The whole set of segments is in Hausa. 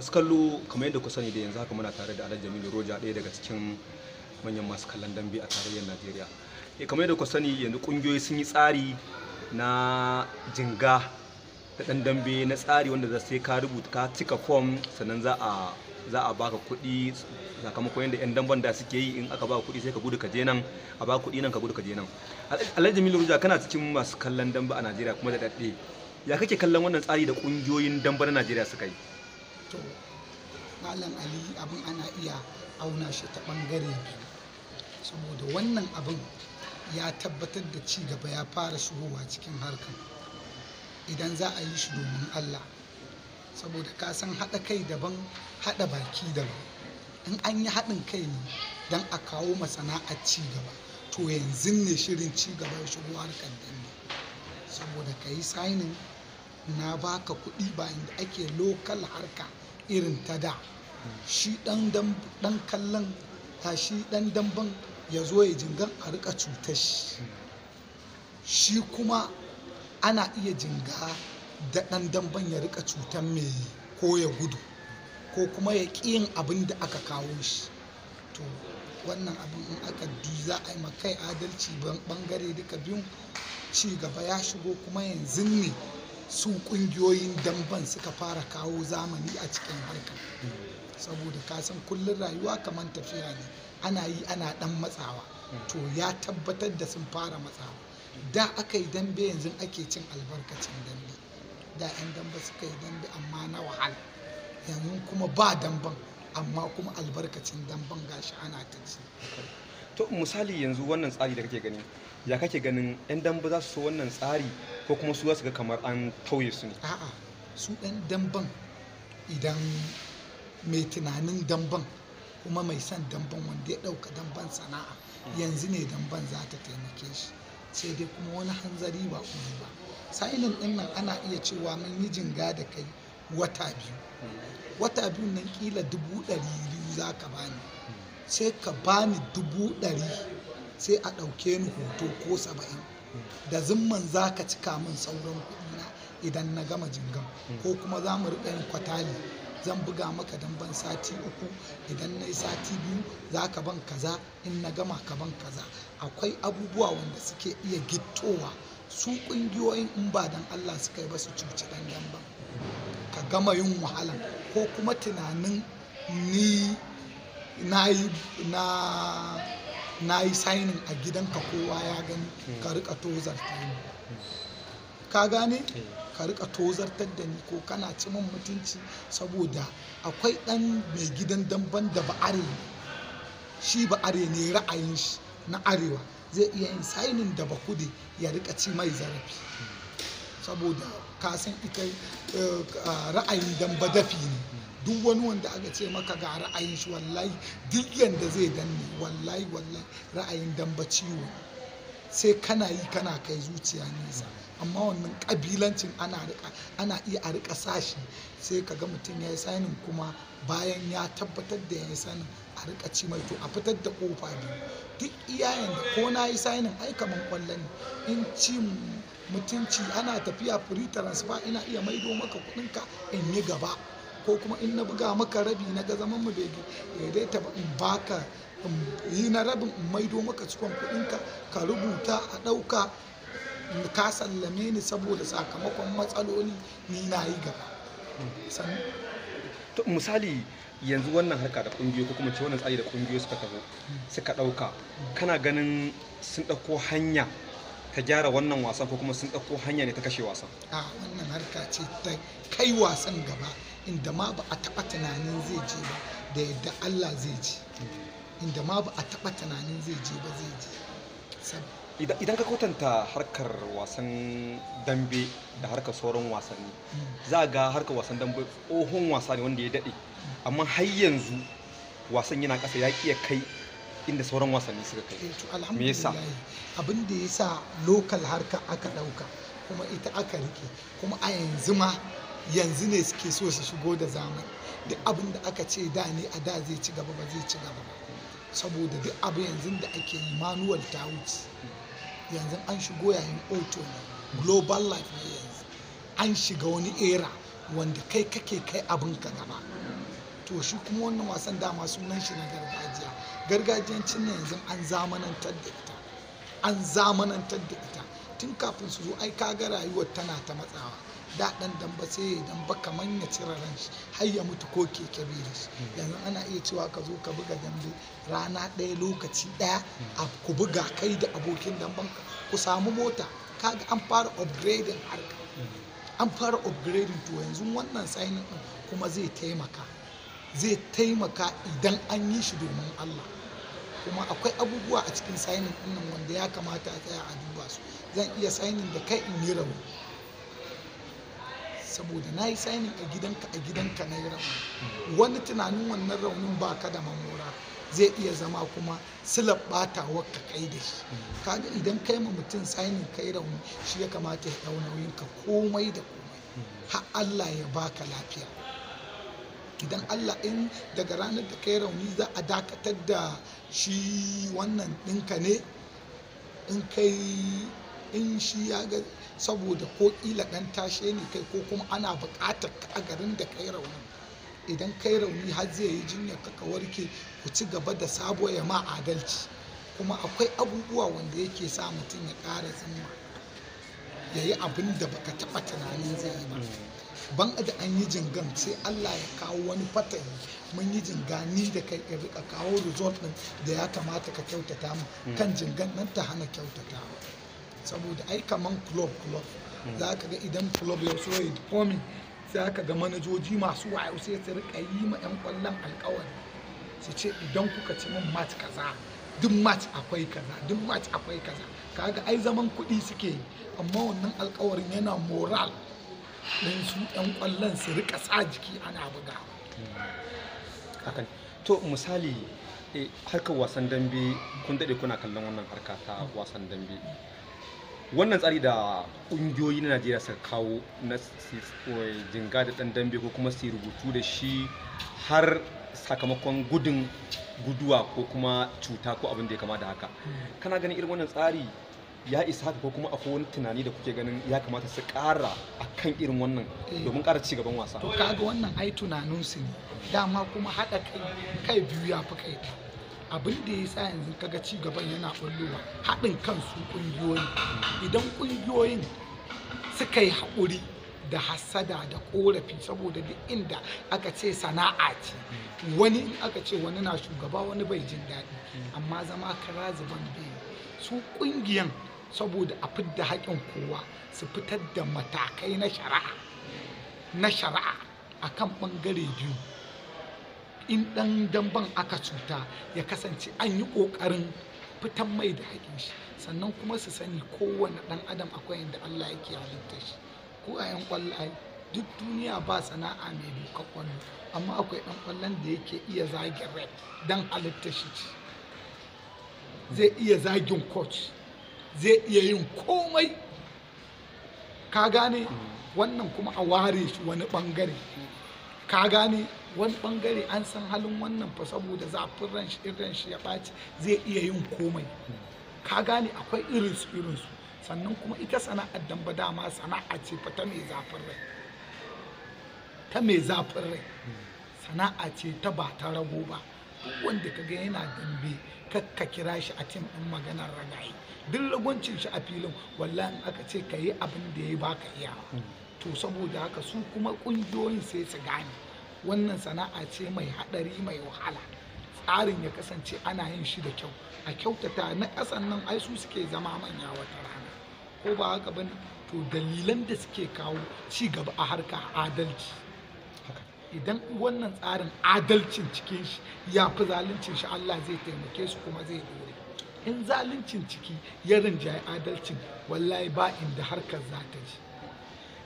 masu kallo kamar yadda ku sani da yanzu haka muna tare da alhaji jamilu roja ɗaya daga cikin manyan masu kallon dambe a tarayyar najeriya e kamar yadda ku sani yanzu kungiyoyi sun yi tsari na jinga da ɗan dambe na tsari wanda za sai ka rubuta ka cika fom sannan za a za a baka kuɗi sakamakon yadda 'yan damban da suke yi in aka baka kuɗi sai ka gudu ka je nan a baka kuɗi nan ka gudu ka je nan alhaji jamilu roja kana cikin masu kallon dambe a najeriya kuma da daɗe ya kake kallon wannan tsari da kungiyoyin dambe na najeriya suka yi to malam ali abin ana iya auna shi ta bangare biyu saboda wannan abin ya tabbatar da ci gaba ya fara shigowa cikin harkar idan za a yi shi domin allah saboda ka san haɗa kai daban haɗa baki daban in an yi haɗin kai ne don a kawo masana'ar ci gaba to yanzu ne shirin ci gaba ya shigo harkar danne saboda ka yi sainin na baka kuɗi bayan da ake lokal harka irin ta da shi dan kallon ta shi dan damban ya zo ya jingan a rika cutar shi shi kuma ana iya jinga da dan damban ya rika cutar mai ko ya gudu ko kuma ya yin abin da aka kawo shi to wannan abin in aka du za a yi makai adalci bangare duka biyun ci gaba ya shigo kuma yanzu ne su kungiyoyin damban suka fara kawo zamani a cikin harkar saboda kasan kullum rayuwa kamar tafiya ne ana yi ana dan matsawa to ya tabbatar da sun fara matsawa da aka yi dambe yanzu ake cin albarkacin dambe da 'yan dambe suka yi dambe amma na wahala yanzu kuma ba damban amma kuma albarkacin damban gashi ana ta ci to misali yanzu wannan tsari da kake gani ya kake ganin 'yan dambe za su so wannan tsari ko kuma su wasu ga kamar an tauye su ne a'a su ɗan damban idan mai tunanin damban kuma mai son damban wanda ya ɗauka damban sana'a yanzu ne damban za ta taimake shi sai dai kuma wani hanzari ba kuma ba sa'ilin ɗin nan ana iya cewa mun yi jinga da kai wata biyu wata biyu nan kila dubu ɗari biyu za ka bani sai ka bani dubu ɗari sai a ɗauke ni hoto ko saba'in da zimman za ka cika min sauran na idan na gama jingam ko kuma za mu riƙa yin kwatali zan buga maka ban sati uku idan na yi sati biyu za ka ban kaza in na gama ka ban kaza akwai abubuwa wanda suke iya gittowa su ƙungiyoyin in ba don allah suka yi ba su cuci ɗan damban ka gama yin wahala ko kuma tunanin ni na na na yi sainin a gidanka kowa ya gani ka rika ta yi ka gane ka rika tozartar da ni ko kana ci mutunci saboda akwai dan mai gidan damban da ba are shi ba are ne ra'ayin shi na arewa zai iya yin sainin da ba kudi ya rika ci mai zarafi saboda kasan ita eh, ra'ayin damba dafi ne duk wani wanda aka ce maka ga ra'ayin shi wallahi duk yanda zai danne wallahi wallahi ra'ayin damba ciwo sai kana yi kana kai zuciya nesa amma wannan kabilancin ana rika ana iya a rika sashi sai ka ga mutum ya yi sanin kuma bayan ya tabbatar da ya yi sanin a rika ci mai to a fitar da kofa biyu duk iyayen da ko na yi sanin ai kaman in ci mutunci ana tafiya free transfer ina iya maido maka kuɗinka in yi gaba ko kuma in na buga maka rabi na ga zaman mu bai ta ba in baka yi na rabin in maido maka cikon kuɗinka ka rubuta a ɗauka ka sallame ni saboda sakamakon matsaloli ni na yi gaba misali yanzu wannan harka da kungiyo ko kuma ce wannan tsari da kungiyo suka taho suka dauka kana ganin sun dauko hanya ta gyara wannan wasan ko kuma sun dauko hanya ne ta kashe wasan a wannan harka ce ta kai wasan gaba inda ma ba a taɓa tunanin zai je ba da yadda Allah zai je inda ma ba a taɓa tunanin zai je ba zai je idan ka kwatanta harkar wasan dambe da harkar sauran wasanni mm. za ga harkar wasan dambe tsohon wasa ne wanda ya daɗe amma har yanzu wasan yana ƙasa ya iya kai inda sauran wasanni suka kai eh, me yasa abin da yasa lokal harka aka ɗauka kuma ita aka rike kuma a yanzu ma yanzu ne suke so su shigo da zamani duk abin da aka ce da ne a da zai ci gaba ba zai ci gaba ba saboda duk abu yanzu da ake yi manual ta wuce yanzu an shigo yayin auto ne global life ne yanzu an shiga wani era wanda kai kake kai abin ka gaba to shi kuma wannan wasan dama sunan shi na gargajiya gargajiyancin ne yanzu an zamanantar da ita an zamanantar da ita tun kafin su zo ai kaga rayuwar tana ta matsawa da dan ba sai ya ba kamar ya cire ran shi har ya mutu ko keke bai da shi hmm. yanzu ana iya cewa ka zo ka buga dambe rana ɗaya lokaci ɗaya a ku buga kai da abokin damban ku samu mota kaga an fara upgrading harka hmm. an fara upgrading to yanzu wannan signing din kuma zai taimaka zai taimaka idan an yi shi domin Allah kuma akwai abubuwa a cikin signing din wanda ya kamata a tsaya a duba su zan iya signing da kai in yi rauni saboda na yi sainin a gidanka a gidanka na yi rauni wani tunanin wannan raunin ba ka da mamora zai iya zama kuma silar batawar ka kai da shi kaga idan kai ma mutum sainin kai rauni shi ya kamata ya ɗau nauyin ka komai da komai har Allah ya baka lafiya idan Allah in daga ranar da kai rauni za a dakatar da shi wannan ɗinka ne in kai in shi ya ga saboda ko ƙila ɗan tashe ne kai ko kuma ana buƙatar ka a garin da kai rauni idan kai rauni har zai yi jinya ka warke ku ci gaba da sabo ya ma adalci kuma akwai abubuwa wanda yake sa mutum ya ƙara zimma ya yi abin da baka taɓa tunanin zai yi ba ban da an yi jingan sai Allah ya kawo wani fatayi mun yi jingani ni da kai ya rika kawo result din da ya kamata ka kyautata mu kan jingan nan ta hana kyautata mu saboda ai kaman club club hmm. za ka ga idan club ya so ya komi sai ka ga manajoji masu wayo sai su rika yi ma yan kwallon alkawari su ce idan kuka ci min match kaza duk match akwai kaza duk match akwai kaza kaga ai zaman kuɗi suke yi amma wannan alkawarin yana moral don su yan kwallon su rika sa jiki ana bugawa hmm. hakan to misali eh, harkar wasan dambe kun daɗe kuna kallon wannan harka ta wasan dambe wannan tsari da ƙungiyoyi na najeriya suka kawo na jinga da ɗan dambe ko kuma su rubutu da shi har sakamakon gudun guduwa ko kuma cuta ko abin da ya kama da haka kana ganin irin wannan tsari ya isa haka ko kuma akwai wani tunani da kuke ganin ya kamata su ƙara a kan irin wannan eh. domin ƙara ci gaban wasa to kaga wannan ai tunaninsu ne dama kuma haɗa kai kai biyu ya fi kai abin da ya sa yanzu kaga ci gaban yana bullowa haɗin kansu ƙungiyoyi idan ƙungiyoyin suka yi haƙuri da hassada da ƙorafi saboda duk inda aka ce sana'a ce wani in aka ce wani na shugaba wani bai jin daɗi amma zama kara zuban bai su ƙungiyan saboda a fidda haƙin kowa su fitar da matakai na shari'a na shari'a akan ɓangare biyu in ɗan damban aka cuta ya kasance an yi ƙoƙarin fitan mai da haƙin shi sannan kuma su sani kowane ɗan adam akwai yadda Allah yake halitta shi ko a yan ƙwallaye duk duniya ba sana'a mai duka ƙwallo amma akwai ɗan ƙwallon da yake iya zagin red don halitta shi zai iya zagin coach zai iya yin komai ka gane mm. wannan kuma a ware shi wani bangare. ka gane wani bangare an san halin wannan fa saboda zafin ran shi irin shi ya ɓaci zai iya yin komai ka gane akwai irin su irin su sannan kuma ita sana'ar dan ba dama sana'a ce fa ta mai zafin rai ta mai zafin rai sana'a ce ta ba ta rago ba duk wanda ga yana dambe kakka kira shi a tim din maganar ragaye duk ragoncin shi a filin wallahi aka ce ka yi abin da ya baka iya to saboda haka su kuma kungiyoyin sai su gane wannan sana'a ce mai haɗari mai wahala tsarin ya kasance ana yin shi da kyau a kyautata na ƙasan nan ai su suke zama manya wata rana ko ba haka bane to dalilan da suke kawo ci gaba a harka adalci idan wannan tsarin adalcin cikin shi ya fi zaluncin shi Allah zai taimake su kuma zai dore in zaluncin ciki ya rinjaye adalcin wallahi ba inda harkar za ta ji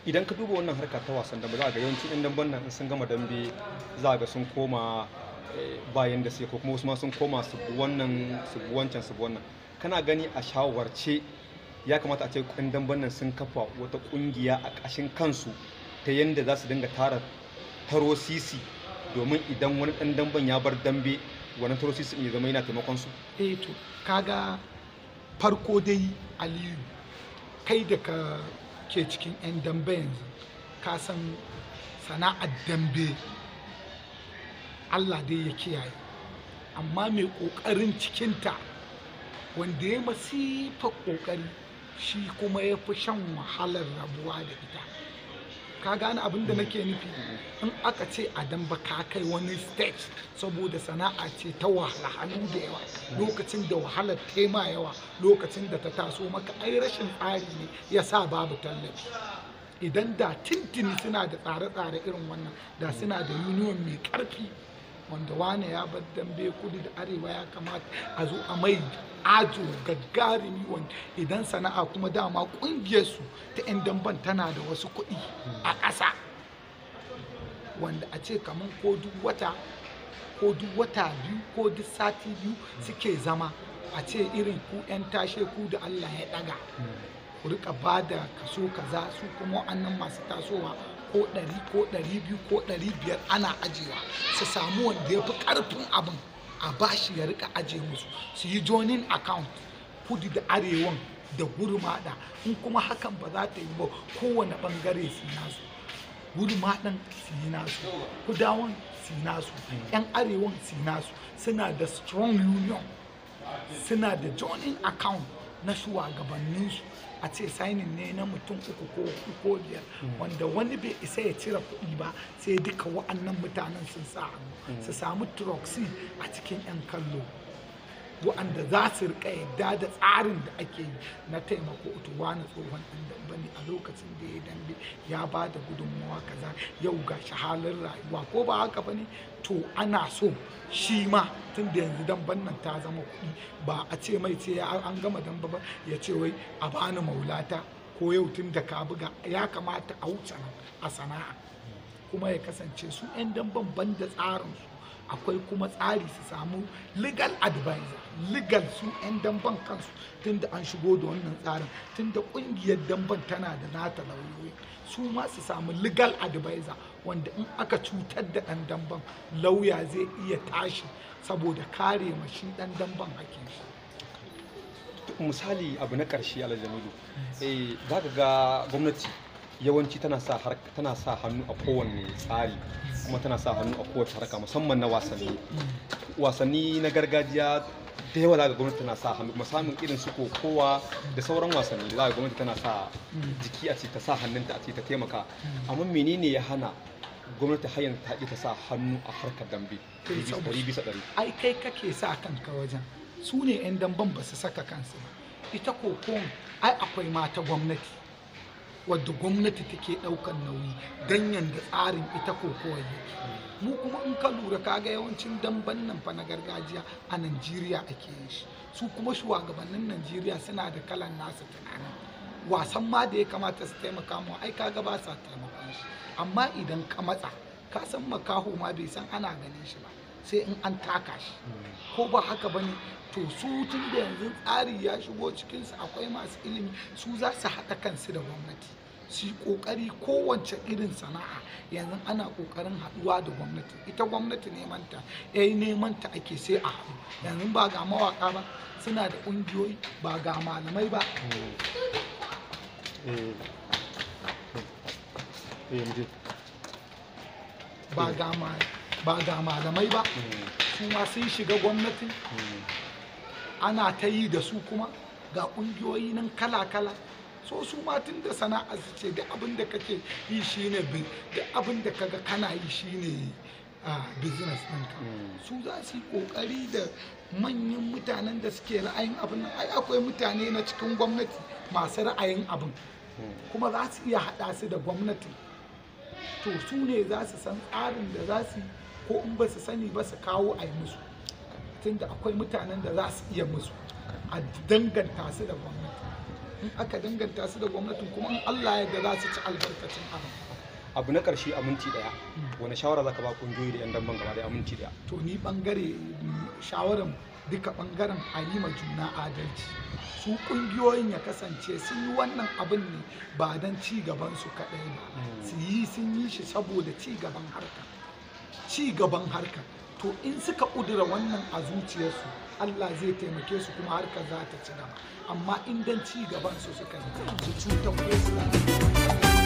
idan ka duba wannan harka ta wasan dambe za a ga yawancin yan damben nan in sun gama dambe za a ga sun koma eh, bayan da sai ko kuma wasu ma sun koma su wannan su wancan su wannan kana gani a shawarce ya kamata a ce yan damben nan sun kafa wata kungiya a ƙashin kansu ta yanda za su dinga tara taro sisi domin idan wani dan damban ya bar dambe wani taro sisi ya zama yana taimakon su eh to kaga farko dai aliyu kai da ka ke cikin 'yan dambe yanzu ka san sana'ar dambe allah dai ya kiyaye amma mai ƙoƙarin cikinta wanda ya masifa ƙoƙari shi kuma ya fi shan wahalar rabuwa da ita ka gane abin da nake nufi in aka ce a damba ka kai wani stage saboda sana'a ce ta wahalhalu da yawa lokacin da wahalar tema yawa lokacin da ta taso maka ai rashin tsari ne ya sa babu tallafi idan da tintini suna da tsare-tsare irin wannan da suna da union mai karfi wanda wane ya bar dambe kudu da arewa ya kamata a zo a mai ajo gaggarumi idan sana'a kuma dama kungiyar su ta 'yan damban tana da wasu kuɗi a ƙasa wanda a ce kamar ko duk wata ko duk wata biyu ko duk sati biyu suke zama a ce irin ku 'yan tashe ku da Allah ya ɗaga. ku rika ba da kaso kaza su kuma annan masu tasowa ko ɗari ko ɗari biyu ko ɗari biyar ana ajiyewa su samu wanda ya fi ƙarfin abin a bashi ya rika ajiye musu su yi joining account kudu da arewan da gurmaɗa in kuma hakan ba za ta yi ba kowane ɓangare su nasu gurmaɗan su yi nasu kudawan su nasu yan arewan su nasu suna da strong union suna da joining account na shugabanninsu a ce sainin ne na mutum uku ko uku biyar mm. wanda wani bai isa ya cire kuɗi ba sai duka wa'annan mutanen sun sa hannu mm. su samu troxy a cikin 'yan kallo wa'anda za su rika yadda da tsarin da ake yi na taimako to wani tsohon ɗan dambe ne a lokacin da ya dambe ya ba da gudunmawa kaza yau ga halin rayuwa ko ba haka ba ne to ana so shi ma tun da yanzu damban nan ta zama kuɗi ba a ce mai ce an gama damba ba ya ce wai a bani maulata ko yau tun da ka buga ya kamata a wuce a sana'a kuma ya kasance su 'yan damban da tsarinsu akwai kuma tsari su samu legal advisor legal su 'yan damban kansu tunda an shigo da wannan tsarin tunda kungiyar damban tana da nata lauyoyi su ma su samu legal advisor wanda in aka cutar da ɗan damban lauya zai iya tashi saboda kare mashi ɗan damban hakin shi misali abu na ƙarshe alajamilu eh, za ka ga gwamnati yawanci tana sa tana sa hannu a kowane tsari kuma tana sa hannu a kowace harka musamman na wasanni wasanni na gargajiya da yawa za ga gwamnati tana sa hannu musamman irin su kowa da sauran wasanni za ga gwamnati tana sa jiki a ce ta sa hannunta a ce ta taimaka amma menene ya hana gwamnati har yanzu ta ta sa hannu a harkar dambe ai kai kake sa kanka wajen su ne 'yan damben ba su saka kansu ita ita ko ai akwai mata gwamnati wadda gwamnati take ɗaukar nauyi don yadda tsarin ita ko kowai mu kuma in ka lura kaga yawancin damban nan fa na gargajiya a najeriya ake yin shi su kuma shugabannin najeriya suna da kalan nasu tunanin wasan ma da ya kamata su taimaka mu ai kaga ba sa taimakon shi amma idan ka matsa ka san makaho ma bai san ana ganin shi ba sai in an taka shi ko ba haka bane to su tun da yanzu tsari ya shigo cikinsu akwai masu ilimi su za su haɗa kansu da gwamnati su yi ƙoƙari kowace irin sana'a yanzu ana ƙoƙarin haɗuwa da gwamnati ita gwamnati ta 'yayi eh, neman nemanta ake sai a haɗu yanzu ba ga mawaƙa ba suna da ƙungiyoyi ba ga malamai ba eh. Eh, ba ga malamai ba ga malamai ba su ma sun shiga gwamnati. ana ta yi da su kuma ga ƙungiyoyi nan kala-kala so su ma tun da sana'a su ce duk abin da kake yi shine duk abin da kaga kana yi shine a business ɗinka su za su yi ƙoƙari da manyan mutanen da suke ra'ayin abin ai akwai mutane na cikin gwamnati masu ra'ayin abin kuma za su iya haɗa su da gwamnati to su ne za su san tsarin da za su yi ko in ba su sani ba su kawo a yi musu tunda akwai mutanen da za su iya musu a danganta su da gwamnati in aka danganta su da gwamnatin kuma in Allah ya ga za su ci albarkacin abin abu na karshe aminti daya wani shawara za ka ba kungiyoyi da yan damban gaba da minti daya to ni bangare shawaran duka bangaren halima juna adalci su kungiyoyin ya kasance sun yi wannan abin ne ba don ci gaban su kadai ba hmm. su yi sun yi shi saboda ci gaban harkar ci gaban harka to in suka ƙudura wannan a zuciyarsu Allah zai taimake su kuma harka za ta ci gaba amma in dan ci gaban su suka yi su cutar